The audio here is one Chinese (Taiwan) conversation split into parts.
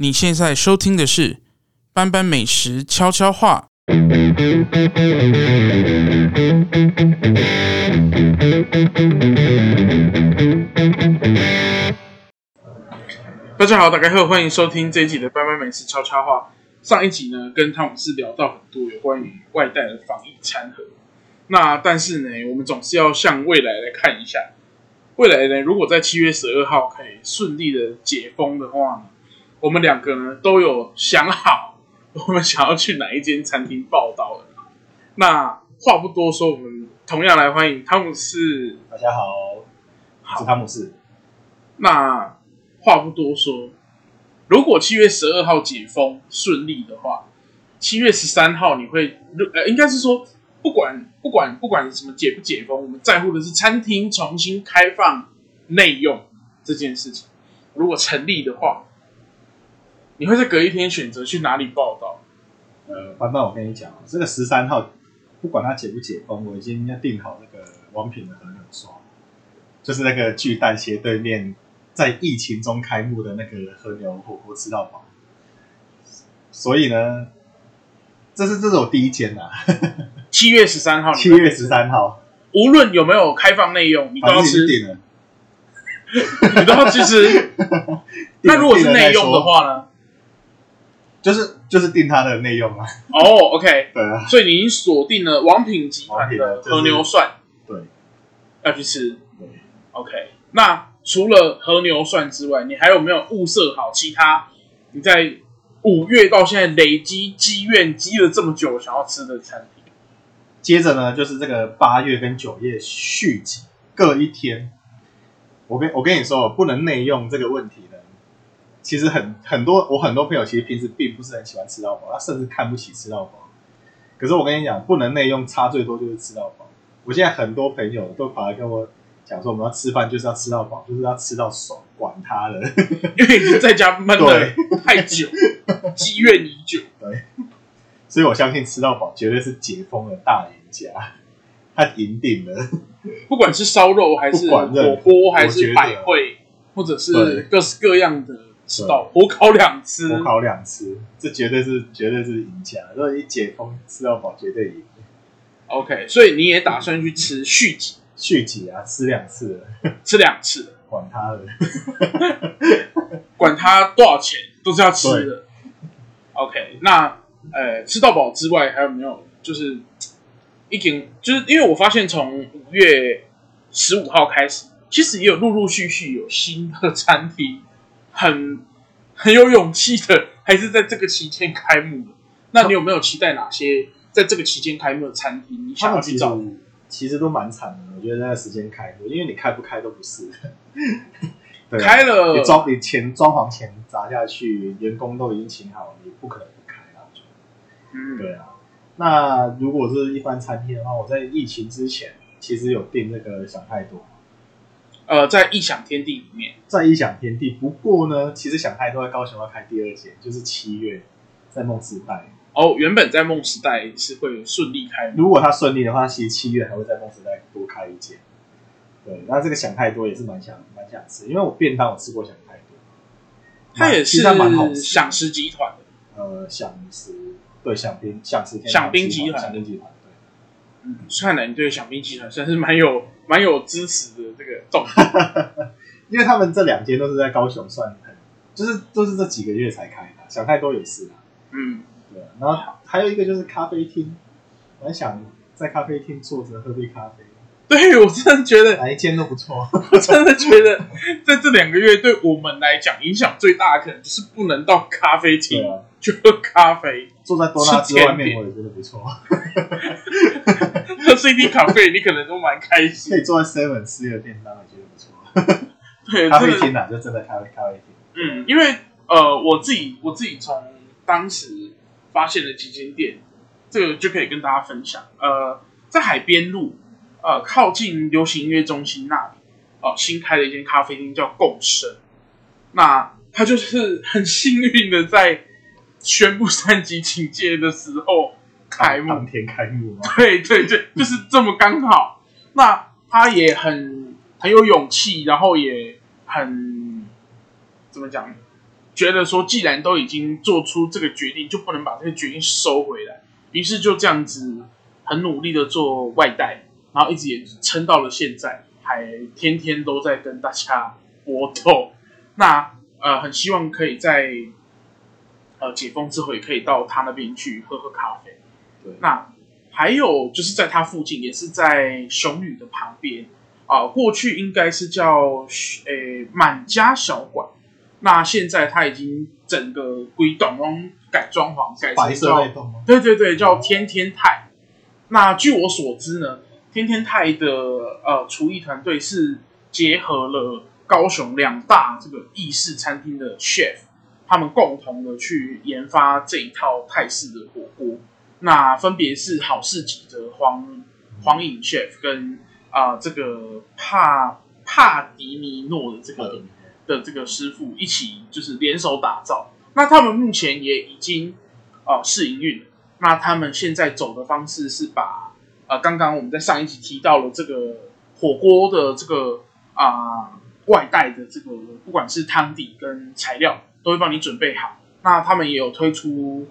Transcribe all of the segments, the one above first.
你現在收聽的是《班班美食悄悄話》。大家好，大家好，歡迎收聽這一集的《班班美食悄悄話》。上一集呢，跟湯姆仕聊到很多有關於外帶的防疫餐盒。那但是呢，我們總是要向未來來看一下，未來呢，如果在七月十二號可以順利的解封的話。我們兩個呢都有想好，我們想要去哪一間餐廳報到了。那話不多說，我們同樣來歡迎湯姆仕。大家好，好，我是湯姆仕。那話不多說，如果七月十二號解封順利的話，七月十三號你會，呃，應該是說，不管不管不管什麼解不解封，我們在乎的是餐廳重新開放內用這件事情。如果成立的話。你會在隔一天選擇去哪裡報道？呃，班班，我跟你講，這個十三號不管它解不解封，我已經要訂好那個王品的和牛涮。就是那個巨蛋斜對面，在疫情中開幕的那個和牛火鍋吃到飽。所以呢，這是這是我第一間吶、啊，七 月十三號，七月十三號，無論有沒有開放內用，你都要吃，啊、是了 你都要吃。那 了如果是內用的話呢？就是就是定它的內用啊。哦，OK，對啊 了，所以你鎖定了王品集團的和牛涮，okay，就是，對，要去吃。對。OK，那除了和牛涮之外，你還有沒有物色好其他，你在五月到現在累積積怨積了這麼久，想要吃的餐廳。接着呢，就是這個八月跟九月續集各一天。我跟我跟你說，不能內用這個問題的。其實很很多，我很多朋友其實平時並不是很喜歡吃到飽，他甚至看不起吃到飽。可是我跟你講，不能內用，差最多就是吃到飽。我現在很多朋友都跑來跟我講說，我們要吃飯就是要吃到飽，就是要吃到爽，管他的。因為你在家悶了太久，對積怨已久。對，所以我相信吃到飽絕對是解封的大贏家，他贏定了。不管是燒肉還是火鍋，這個、還是百匯，或者是各式各樣的。吃到火烤兩吃，火烤兩吃，這絕對是絕對是贏錢了。如果一解封吃到飽，絕對贏。OK，所以你也打算去吃續集？嗯、續集啊，吃兩次，吃兩次，管他的， 管他多少錢都是要吃的。對 OK，那呃，吃到飽之外還有沒有？就是已經，就是因為我發現從五月十五號開始，其實也有陸陸續續有新的餐廳。很很有勇氣的，還是在這個期間開幕的？那你有沒有期待哪些在這個期間開幕的餐廳？你想要去找其，其實都蠻慘的。我覺得那個時間開幕，因為你開不開都不是。 對開了，你裝你錢裝潢錢砸下去，員工都已經請好了，你不可能不開啊！嗯、對啊。那如果是一般餐廳的話，我在疫情之前其實有訂那個，想太多。呃，在異想天地裡面，在異想天地。不過呢，其實想太多在高雄要開第二間，就是七月在夢時代。哦，原本在夢時代是會順利開，如果他順利的話，其實七月還會在夢時代多開一間。對，那這個想太多也是蠻想蠻想吃，因為我便當我吃過想太多。他也是蠻好吃，想食集團的。呃，想食，對，想冰，想食，想冰集團，想冰集團，對。看來你對想冰集團、嗯、算，算是蠻有蠻有支持的。這個重， 因為他們這兩間都是在高雄，算很，就是都是這幾個月才開的，想太多也是啦。嗯，對，然後還有一個就是咖啡廳，我還想在咖啡廳坐着喝杯咖啡。對，我真的覺得哪一間都不錯。我真的覺得在這兩個月對我們來講影響最大的，可能就是不能到咖啡廳去喝咖啡，坐在多那之外面，我也覺得不錯。 喝 CD 咖啡，你可能都蠻開心。可以坐在 Seven 吃的便當，我覺得不錯 對。咖啡廳啊，就真的咖啡咖啡廳。嗯，因為呃，我自己我自己從當時發現的幾間店，這個就可以跟大家分享。呃，在海邊路，呃，靠近流行音樂中心那裡，哦、呃，新開了一間咖啡廳叫共生。那他就是很幸運的，在宣布三級警戒的時候。開幕當天開幕嗎？對對對，就是這麼剛好。 那他也很很有勇氣，然後也很怎麼講？覺得說既然都已經做出這個決定，就不能把這些決定收回來。於是就這樣子很努力的做外帶，然後一直也撐到了現在，還天天都在跟大家搏鬥。那呃，很希望可以在呃解封之後也可以到他那邊去喝喝咖啡。那還有就是，在他附近，也是在雄女的旁邊啊、呃。過去應該是叫誒滿、欸、家小館，那現在他已經整個歸檔，改裝潢，改成叫白色類動對對對，叫天天泰。嗯、那據我所知呢，天天泰的呃廚藝團隊是結合了高雄兩大這個意式餐廳的 chef，他們共同的去研發這一套泰式的火鍋。那分別是好市集的黃黃影 Chef 跟啊、呃、這個帕帕迪尼諾的這個對的這個師傅一起就是聯手打造。那他們目前也已經啊、呃、試營運了，那他們現在走的方式是把啊、呃、剛剛我們在上一集提到了這個火鍋的這個啊、呃、外帶的這個不管是湯底跟材料都會幫你準備好。那他們也有推出。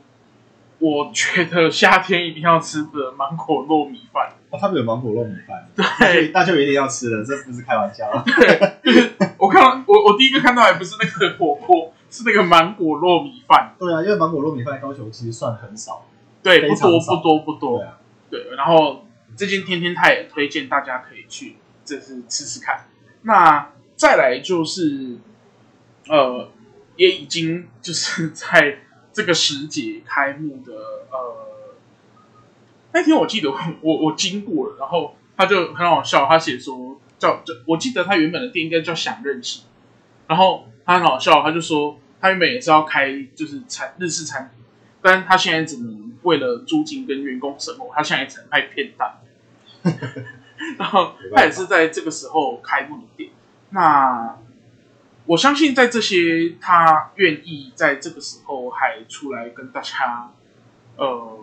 我覺得夏天一定要吃的芒果糯米飯哦，他們有芒果糯米飯，對，那，那就一定要吃了，這不是開玩笑。對、就是我。我看我我第一個看到還不是那個火鍋， 是那個芒果糯米飯。對啊，因為芒果糯米飯高雄其實算很少，對，少，不，不多不多不多。對，啊、對，然後最近天天他也推薦大家可以去，就是吃吃看。那再來就是，呃，也已經就是在。這個時節開幕的，呃，那天我記得我我，我經過了，然後他就很好笑，他寫說叫叫，我記得他原本的店應該叫想認識，然後他很好笑，他就說他原本也是要開就是日式餐廳，但是他現在只能為了租金跟員工生活，他現在只能賣便當， 然後他也是在這個時候開幕的店，那。我相信，在這些他願意在這個時候還出來跟大家，呃，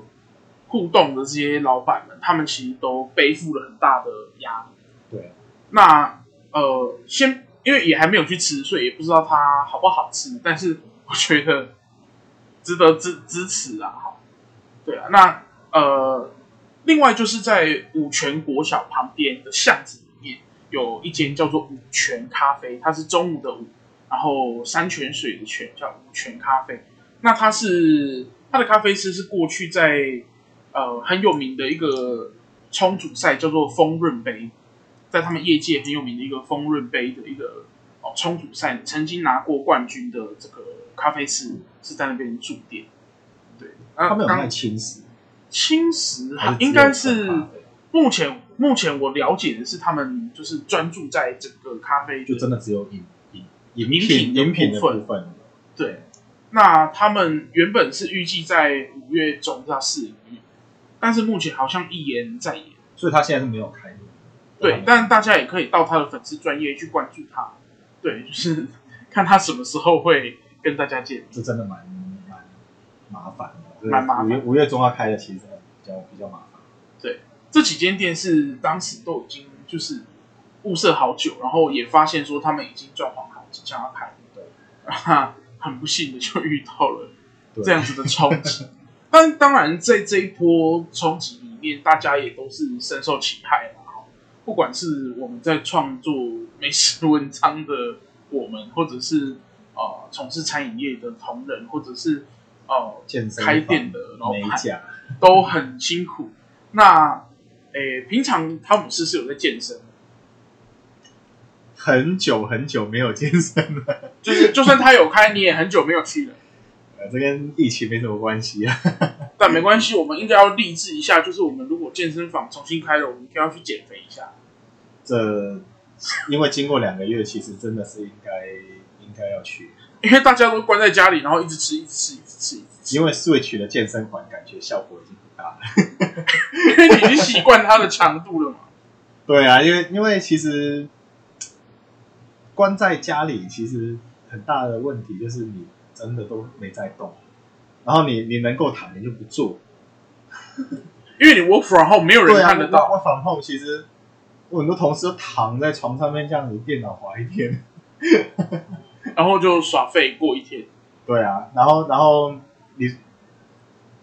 互動的這些老闆們，他們其實都背負了很大的壓力。對啊，那呃，先因為也還沒有去吃，所以也不知道它好不好吃。但是我覺得值得支支持啊，哈。對啊，那呃，另外就是在五權國小旁邊的巷子。有一間叫做五泉咖啡，它是中午的午，然後山泉水的泉叫五泉咖啡。那它是它的咖啡師是過去在呃很有名的一個沖煮賽叫做豐潤杯，在他們業界很有名的一個豐潤杯的一個哦沖煮賽，曾經拿過冠軍的這個咖啡師是在那邊駐店。對，呃、他們沒有開輕食，輕食應該是，是目前。目前我了解的是，他們就是專注在整個咖啡，就真的只有飲飲飲品飲品的部分。對，那他們原本是預計在五月中，要四，但是目前好像一延再延。所以他現在是沒有開。對，但大家也可以到他的粉絲專業去關注他。對，就是看他什麼時候會跟大家見。這真的蠻蠻麻煩的，五月五月中要開的，其實比較比較麻煩。這幾間店是當時都已經就是物色好久，然後也發現說他們已經狀況好，即將要開的，對不對？很不幸的就遇到了這樣子的衝擊。對 但當然，在這一波衝擊裡面，大家也都是深受其害嘛。不管是我們在創作美食文章的我們，或者是、呃、從事餐飲業的同仁，或者是、呃、身開店的老闆，假都很辛苦。 那誒，平常湯姆仕是有在健身的，很久很久沒有健身了，就是就算他有開，你也很久沒有去了。這跟疫情沒什麼關係啊， 但沒關係，我們應該要勵志一下，就是我們如果健身房重新開了，我們一定要去減肥一下。這，因為經過兩個月，其實真的是應該應該要去，因為大家都關在家裡，然後一直吃，一直吃，一直吃，一直吃，一直吃。因為 Switch 的健身環感覺效果已經。啊， 因為你已經習慣它的強度了嘛。 對啊，因為因為其實關在家裡，其實很大的問題就是你真的都沒在動，然後你你能夠躺，你就不坐。 因為你 work from home 沒有人看得到。work from home 其實我很多同事都躺在床上面這樣子電腦滑一天， 然後就耍廢過一天。對啊，然後然後你。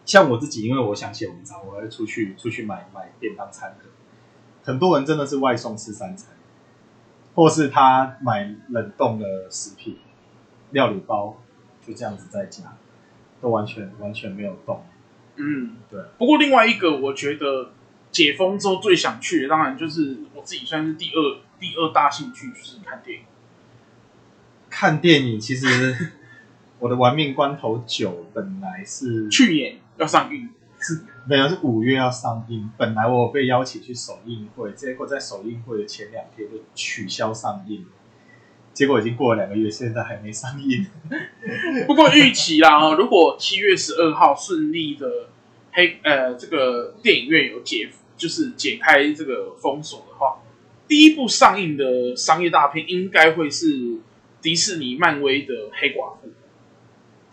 像我自己，因為我想寫文章，我會出去出去買買便當餐的。很多人真的是外送吃三餐，或是他買冷凍的食品、料理包，就這樣子在家，都完全完全沒有動。嗯，對。不過另外一個，我覺得解封之後最想去的，當然就是我自己算是第二第二大興趣，就是看電影。看電影其實。 我的玩命關頭九本來是去年要上映，是，本來是五月要上映。本來我被邀請去首映會，結果在首映會的前兩天就取消上映。結果已經過了兩個月，現在還沒上映。不過預期啦， 如果七月十二號順利的黑呃這個電影院有解就是解開這個封鎖的話，第一部上映的商業大片應該會是迪士尼、漫威的黑寡婦。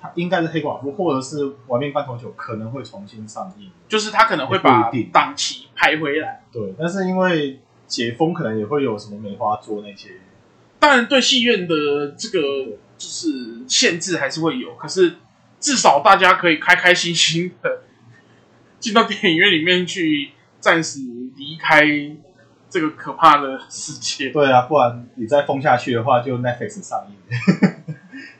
他應該是黑寡婦，或者是玩命關頭九可能會重新上映，就是他可能會把檔期排回來。對，但是因為解封，可能也會有什麼梅花座那些。當然，對戲院的這個就是限制還是會有，可是至少大家可以開開心心的進到電影院裡面去，暫時離開這個可怕的世界。對啊，不然你再封下去的話，就 Netflix 上映。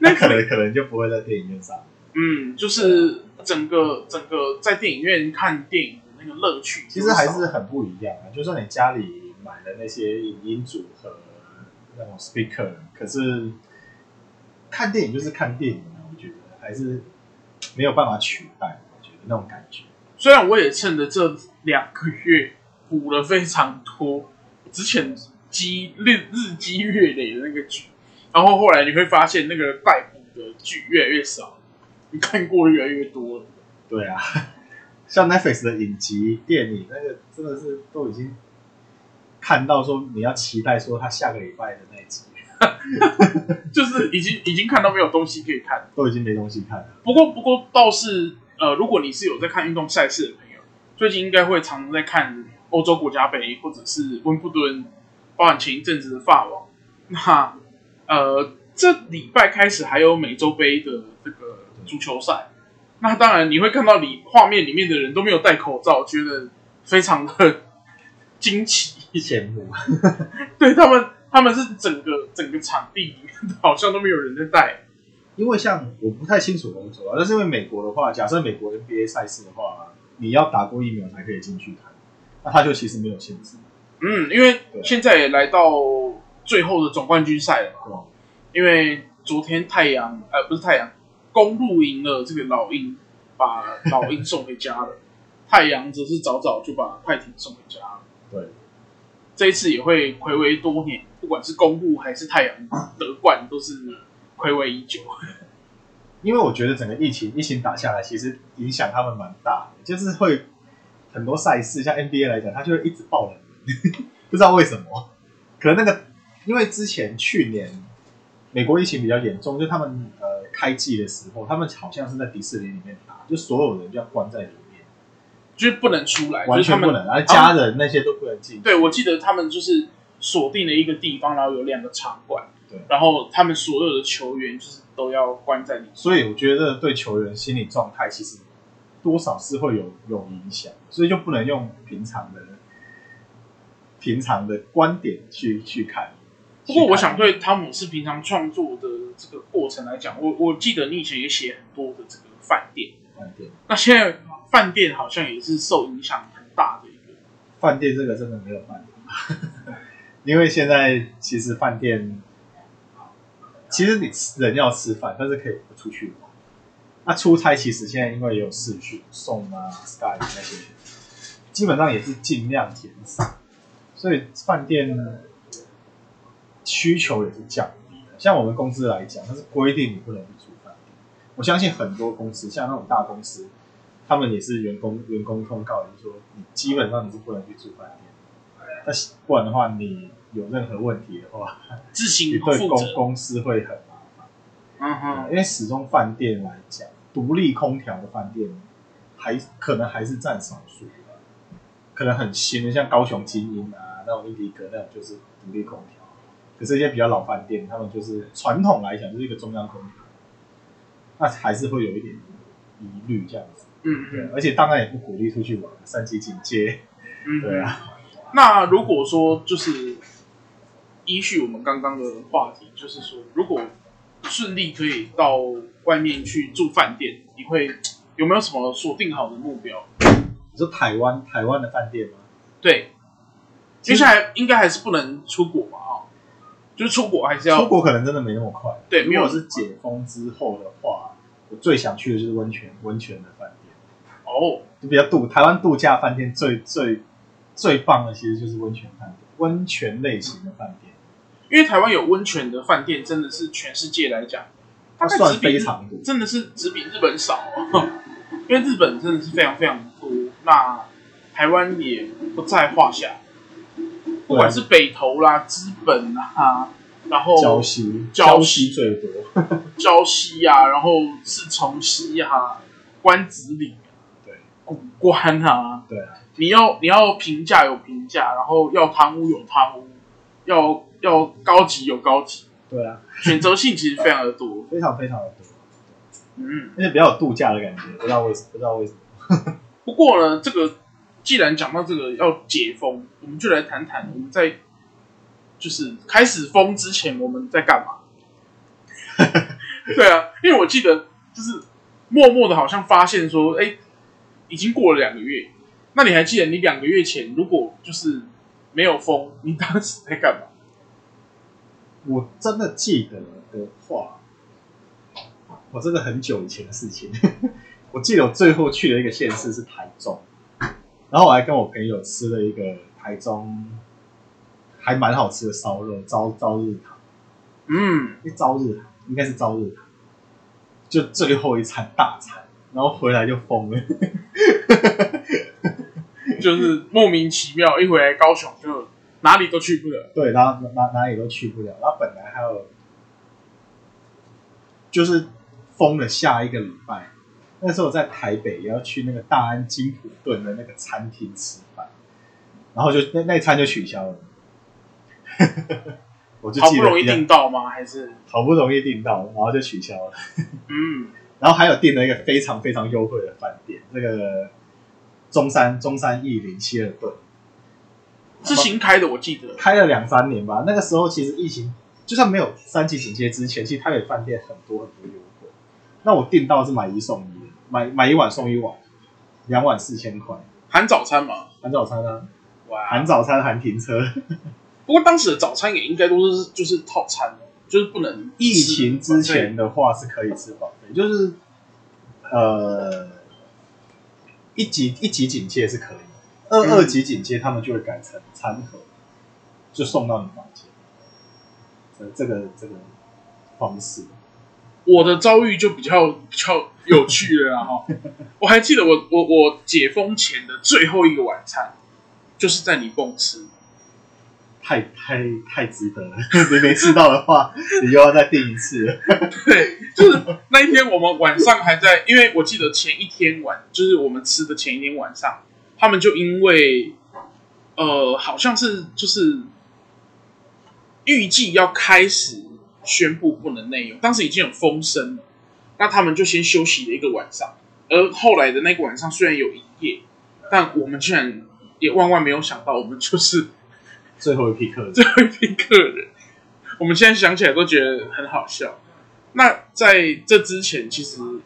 那可能可能就不會在電影院上，嗯，就是整個、嗯、整個在電影院看電影的那個樂趣，其實還是很不一樣啊。就算你家裡買了那些影音組合那種 speaker，可是看電影就是看電影啊，我覺得還是沒有辦法取代，我覺得那種感覺。雖然我也趁着這兩個月補了非常多，之前積日日積月累的那個劇。然後後來你會發現，那個待播的劇越來越少，你看過越來越多了。對啊，像 Netflix 的影集、電影，那個真的是都已經看到說你要期待說他下個禮拜的那一集， 就是已經已經看到沒有東西可以看，都已經沒東西看了。不過不過倒是呃，如果你是有在看運動賽事的朋友，最近應該會常常在看歐洲國家杯或者是溫布頓，包括前一陣子的法網。那。呃，這禮拜開始還有美洲杯的這個足球賽，對那當然你會看到你畫面裡面的人都沒有戴口罩，覺得非常的驚奇羨慕。前面 對他們，他們是整個整個場地裡面好像都沒有人在戴。因為像我不太清楚歐洲啊，但是因為美國的話，假設美國 NBA 賽事的話，你要打過疫苗才可以進去看，那他就其實沒有限制。嗯，因為現在也來到。最後的總冠軍賽了吧，嗎因為昨天太陽呃不是太陽，公鹿贏了這個老鷹，把老鷹送回家了。 太陽則是早早就把快艇送回家了。對，這一次也會睽違多年，不管是公鹿還是太陽、嗯、得冠，都是睽違已久。因為我覺得整個疫情疫情打下來，其實影響他們蠻大的，就是會很多賽事，像 NBA 來講，它就會一直爆冷， 不知道為什麼，可能那個。因為之前去年美國疫情比較嚴重，就他們呃開季的時候，他們好像是在迪士尼裡面打，就所有人就要關在裡面，就是不能出來，完全不能，然後，啊，他們家人那些都不能進。對，我記得他們就是鎖定了一個地方，然後有兩個場館，對，然後他們所有的球員就是都要關在裡面。所以我覺得這對球員心理狀態其實多少是會有有影響，所以就不能用平常的平常的觀點去去看。不過，我想對湯姆仕平常創作的這個過程來講，我我記得你以前也寫很多的這個飯店，飯店。那現在飯店好像也是受影響很大的一個。飯店這個真的沒有辦法 因為現在其實飯店，其實你人要吃飯，但是可以不出去玩。那、啊、出差其實現在因為也有市去送啊，sky 那些，基本上也是盡量減少，所以飯店。嗯需求也是降低的，像我們公司來講，它是規定你不能去住飯店。我相信很多公司，像那種大公司，他們也是員工員工通告就是說，就說你基本上你是不能去住飯店。那不然的話，你有任何問題的話，自行負責，對公，公司會很麻煩。嗯哼。因為始終飯店來講，獨立空調的飯店還可能還是佔少數。可能很新的，像高雄精英啊那種伊迪格那種就是獨立空調。可是這些比較老飯店，他們就是傳統來講，就是一個中央空調，那還是會有一點疑慮這樣子。嗯哼對啊。而且當然也不鼓勵出去玩，三級警戒。嗯、哼對啊。那如果說就是依據我們剛剛的話題，就是說如果順利可以到外面去住飯店，你會有沒有什麼鎖定好的目標？是台灣台灣的飯店嗎？對。接下來應該還是不能出國吧？就是出國還是要出國，可能真的沒那麼快、啊。對，沒有是解封之後的話，我最想去的就是溫泉溫泉的飯店。哦，oh, 就比較度台灣度假飯店最最最棒的其實就是溫泉飯店，溫泉類型的飯店，因為台灣有溫泉的飯店真的是全世界來講，它算是非常多，真的是只比日本少，因為日本真的是非常非常多，那台灣也不在話下，不管是北投啦、芝。本啊，然後礁溪，礁溪西西最多，礁溪呀，然後四重溪啊，關子嶺。對，谷關啊，對啊，你要你要平價有平價，然後要湯屋有湯屋，要要高級有高級，對啊， 選擇性其實非常的多，對啊、 非常非常的多，嗯，而且比較有度假的感覺，不知道為什不知道為什麼， 不過呢，這個既然講到這個要解封，我們就來談談我、嗯、們在。就是開始封之前，我們在幹嘛？ 對啊，因為我記得就是默默的好像發現說，哎、欸，已經過了兩個月。那你還記得你兩個月前如果就是沒有封，你當時在幹嘛？我真的記得的話，我真的很久以前的事情。我記得我最後去的一個縣市是台中，然後我還跟我朋友吃了一個台中。還蠻好吃的燒肉，朝朝日堂，嗯，一朝日堂應該是朝日堂，就最後一餐大餐，然後回來就瘋了， 就是莫名其妙一回來高雄就哪裡都去不了，對，然後哪哪裡都去不了，然後本來還有就是封了下一個禮拜，那時候我在台北也要去那個大安金普頓的那個餐廳吃飯，然後就那那餐就取消了。好 不容易訂到嗎？還是好不容易訂到，然後就取消了。 嗯，然後還有訂了一個非常非常優惠的飯店，那個中山中山逸林七二頓是新開的，我記得開了兩三年吧。那個時候其實疫情就算沒有三級警戒之前，其實它給飯店很多很多優惠。那我訂到是買一送一的，買買一碗送一碗，兩碗四千塊，含早餐嗎？含早餐啊！含哇早餐含停車。 不過當時的早餐也應該都是就是套餐，就是不能吃。疫情之前的話是可以吃早餐，就是呃一級一級警戒是可以，二、嗯、二級警戒他們就會改成餐盒，就送到你房間，這個這個方式，我的遭遇就比較比較有趣了 我還記得我我我解封前的最後一個晚餐就是在你公吃太太太值得了！你沒吃到的話， 你又要再訂一次。對，就是那一天，我們晚上還在，因為我記得前一天晚，就是我們吃的前一天晚上，他們就因為，呃，好像是就是預計要開始宣布不能內用，當時已經有風聲了，那他們就先休息了一個晚上，而後來的那個晚上雖然有營業，但我們居然也萬萬沒有想到，我們就是。最後一批客人，最後一批客人，我們現在想起來都覺得很好笑。那在這之前，其實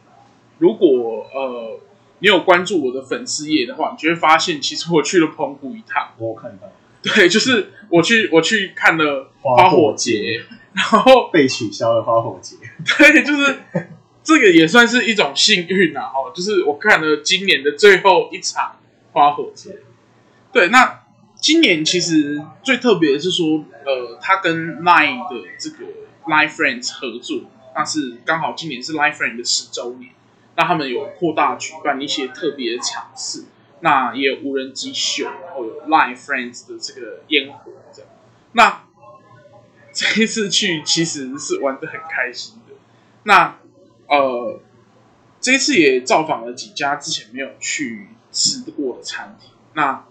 如果呃你有關注我的粉絲頁的話，你就會發現，其實我去了澎湖一趟。我有看到，對，就是我去我去看了花火節，然後被取消了花火節。對，就是這個也算是一種幸運啊！哦，就是我看了今年的最後一場花火節。對，那。今年其實最特別的是說，呃，他跟 LINE 的這個 LINE Friends 合作，那是剛好今年是 LINE Friends 的十周年，那他們有擴大舉辦一些特別的場次，那也有無人機秀，然後有 LINE Friends 的這個煙火這樣。那這一次去其實是玩得很開心的。那呃，這一次也造訪了幾家之前沒有去吃過的餐廳。那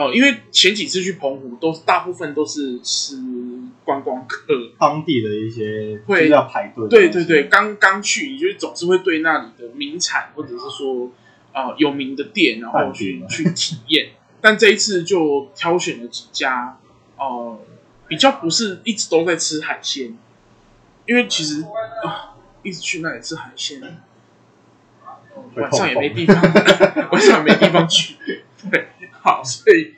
哦，因為前幾次去澎湖都大部分都是吃觀光客當地的一些，會、就，是要排隊。對對對，剛剛去你就總是會對那裡的名產或者是說、呃、有名的店，然後去去體驗。但這一次就挑選了幾家，哦、呃，比較不是一直都在吃海鮮，因為其實啊、呃、一直去那裡吃海鮮，晚上也沒地方， 晚上也沒地方去。對。好，所以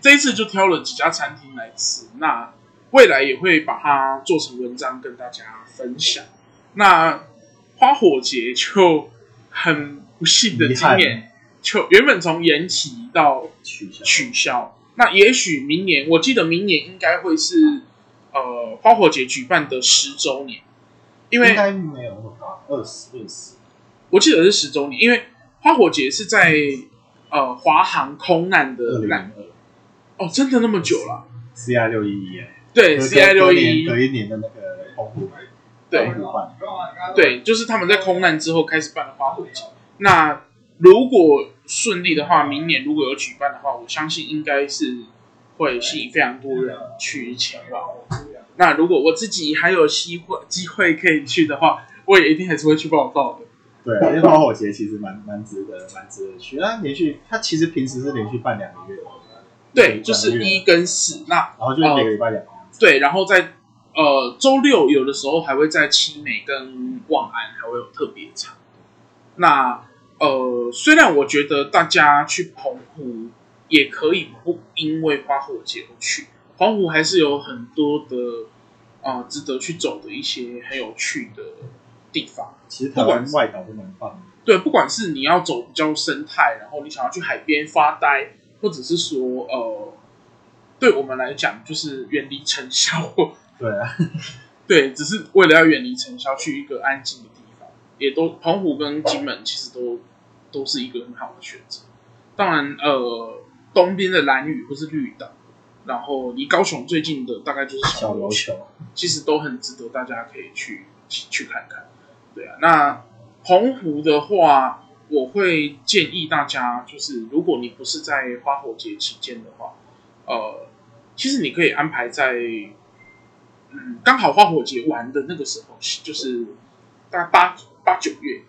這一次就挑了幾家餐廳來吃。那未來也會把它做成文章跟大家分享。那花火節就很不幸的今年，就原本從延期到取消，取消。那也許明年，我記得明年應該會是呃花火節舉辦的十周年，因為應該沒有二十二十。啊、20, 20我記得是十周年，因為花火節是在。嗯呃，華航空難的那，哦，真的那麼久了？C I 六一一對，C I 六一一隔一年的那個對，對，就是他們在空難之後開始辦的花火節。那如果順利的話，明年如果有舉辦的話，我相信應該是會吸引非常多人去前往。那如果我自己還有機會機會可以去的話，我也一定還是會去報道的。對，因為花火節其實蠻蠻值得，蠻值得去。啊，連續，它其實平時是連續、續辦兩個月。嗯嗯、對，就是一跟四那。那然後就每個禮拜兩、呃。對，然後在呃週六有的時候還會在七美跟望安還會有特別場。對那呃，雖然我覺得大家去澎湖也可以不因為花火節不去，澎湖還是有很多的、呃、值得去走的一些很有趣的。地方其實不管外島都蠻棒的，對，不管是你要走比較生態，然後你想要去海邊發呆，或者是說呃，對我們來講就是遠離塵囂，對啊，對，只是為了要遠離塵囂，去一個安靜的地方，也都澎湖跟金門其實都 Wow. 都是一個很好的選擇。當然，呃，東邊的蘭嶼或是綠島，然後離高雄最近的大概就是小琉球，小小其實都很值得大家可以去去，去看看。對啊，那澎湖的話，我會建議大家，就是如果你不是在花火節期間的話，呃，其實你可以安排在，嗯，剛好花火節完的那個時候，嗯，就是大概八八九月，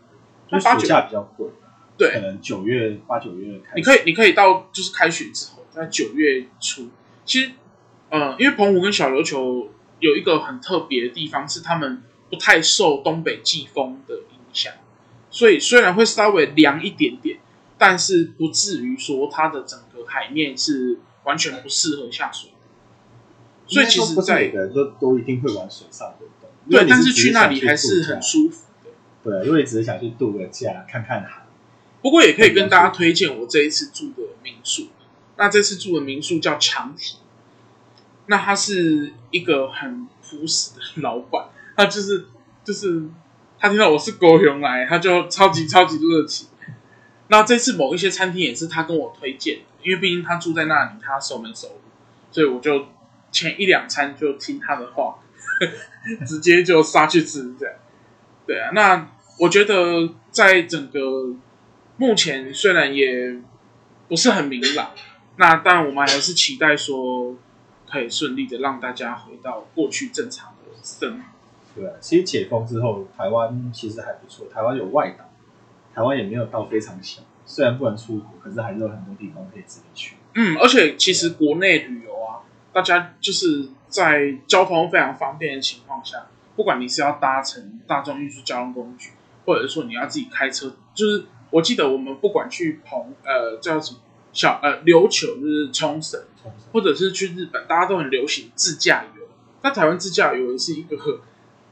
那暑假比較貴，八九月，對，可能九月八九月開，你可以你可以到就是開學之後，在九月初，其實，呃，因為澎湖跟小琉球有一個很特別的地方是他們，不太受東北季風的影響，所以雖然會稍微涼一點點，但是不至於說它的整個海面是完全不適合下水。所以其實不是每個人都都一定會玩水上運動。對，對，但是去那裡還是很舒服的。對，因為，只是，因為只是想去度個假，看看海。不過也可以跟大家推薦我這一次住的民宿。那這次住的民宿叫牆體，那他是一個很樸實的老闆。他就是，就是他聽到我是高雄來，他就超級超級熱情。那這次某一些餐廳也是他跟我推薦的，因為畢竟他住在那裡，他熟門熟路，所以我就前一兩餐就聽他的話，呵呵直接就殺去吃這樣。對啊，那我覺得在整個目前雖然也不是很明朗，那但我們還是期待說可以順利的讓大家回到過去正常的生活。對、啊，其實解封之後，台灣其實還不錯。台灣有外島，台灣也沒有到非常小。雖然不能出國，可是還是有很多地方可以自己去。嗯，而且其實國內旅遊啊，嗯、大家就是在交通非常方便的情況下，不管你是要搭乘大眾運輸交通工具，或者說你要自己開車，就是我記得我們不管去彭，呃叫什麼小呃琉球，就是沖繩，沖繩，或者是去日本，大家都很流行自駕遊。那台灣自駕遊也是一個。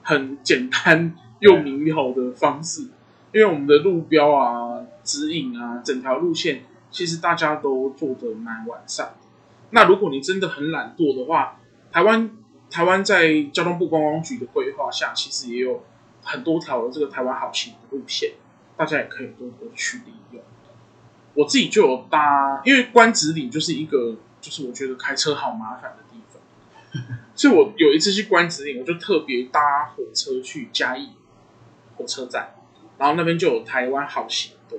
很簡單又明了的方式，對因為我們的路標啊、指引啊、整條路線，其實大家都做得蠻完善的。那如果你真的很懶惰的話，台灣台灣在交通部觀光局的規劃下，其實也有很多條的這個台灣好行的路線，大家也可以多多去利用。我自己就有搭，因為關子嶺就是一個，就是我覺得開車好麻煩的地方。 所以我有一次去關子嶺，我就特別搭火車去嘉義火車站，然後那邊就有台灣好行的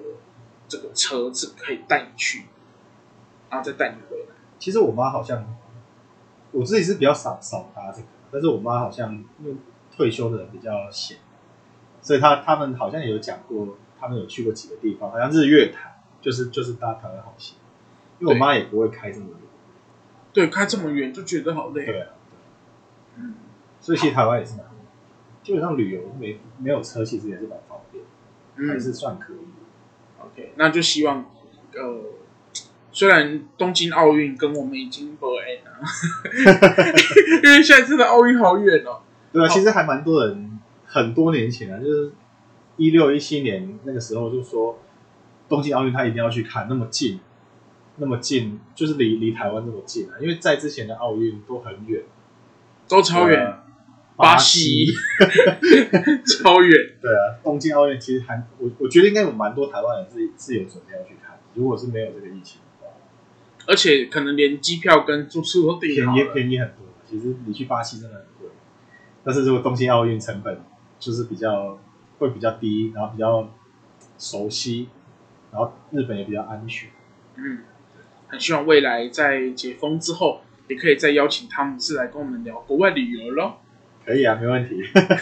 這個車子可以帶你去，然後再帶你回來。其實我媽好像我自己是比較少少搭這個，但是我媽好像因為退休的人比較閒，所以她他們好像也有講過，他們有去過幾個地方，好像日月潭就是就是搭台灣好行，因為我媽也不會開這麼遠，對，開這麼遠就覺得好累。對嗯、所以其實台灣也是蠻好，基本上旅遊沒沒有車，其實也是蠻方便，嗯、還是算可以 OK，那就希望呃，雖然東京奧運跟我們已經不挨了， 因為現在真的奧運好遠哦。對啊，好其實還蠻多人很多年前啊，就是一六一七年那個時候就說東京奧運他一定要去看，那麼近，那麼近，就是離離台灣那麼近啊，因為在之前的奧運都很遠。都超遠、啊，巴西，巴西 超遠遠。對啊，東京奧運其實還我我覺得應該有蠻多台灣人自己自由準備要去看，如果是沒有這個疫情的話。而且可能連機票跟住宿都訂好，便宜便宜很多，其實你去巴西真的很貴。但是這個東京奧運成本就是比較會比較低，然後比較熟悉，然後日本也比較安全。嗯，對很希望未來在解封之後。也可以再邀請湯姆仕來跟我們聊國外旅遊咯。可以啊，沒問題。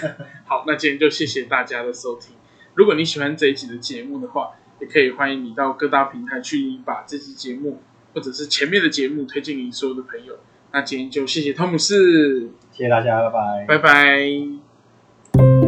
好，那今天就謝謝大家的收聽。如果你喜歡這一集的節目的話，也可以歡迎你到各大平台去把這期節目或者是前面的節目推薦給你所有的朋友。那今天就謝謝湯姆仕，謝謝大家，拜拜，拜拜。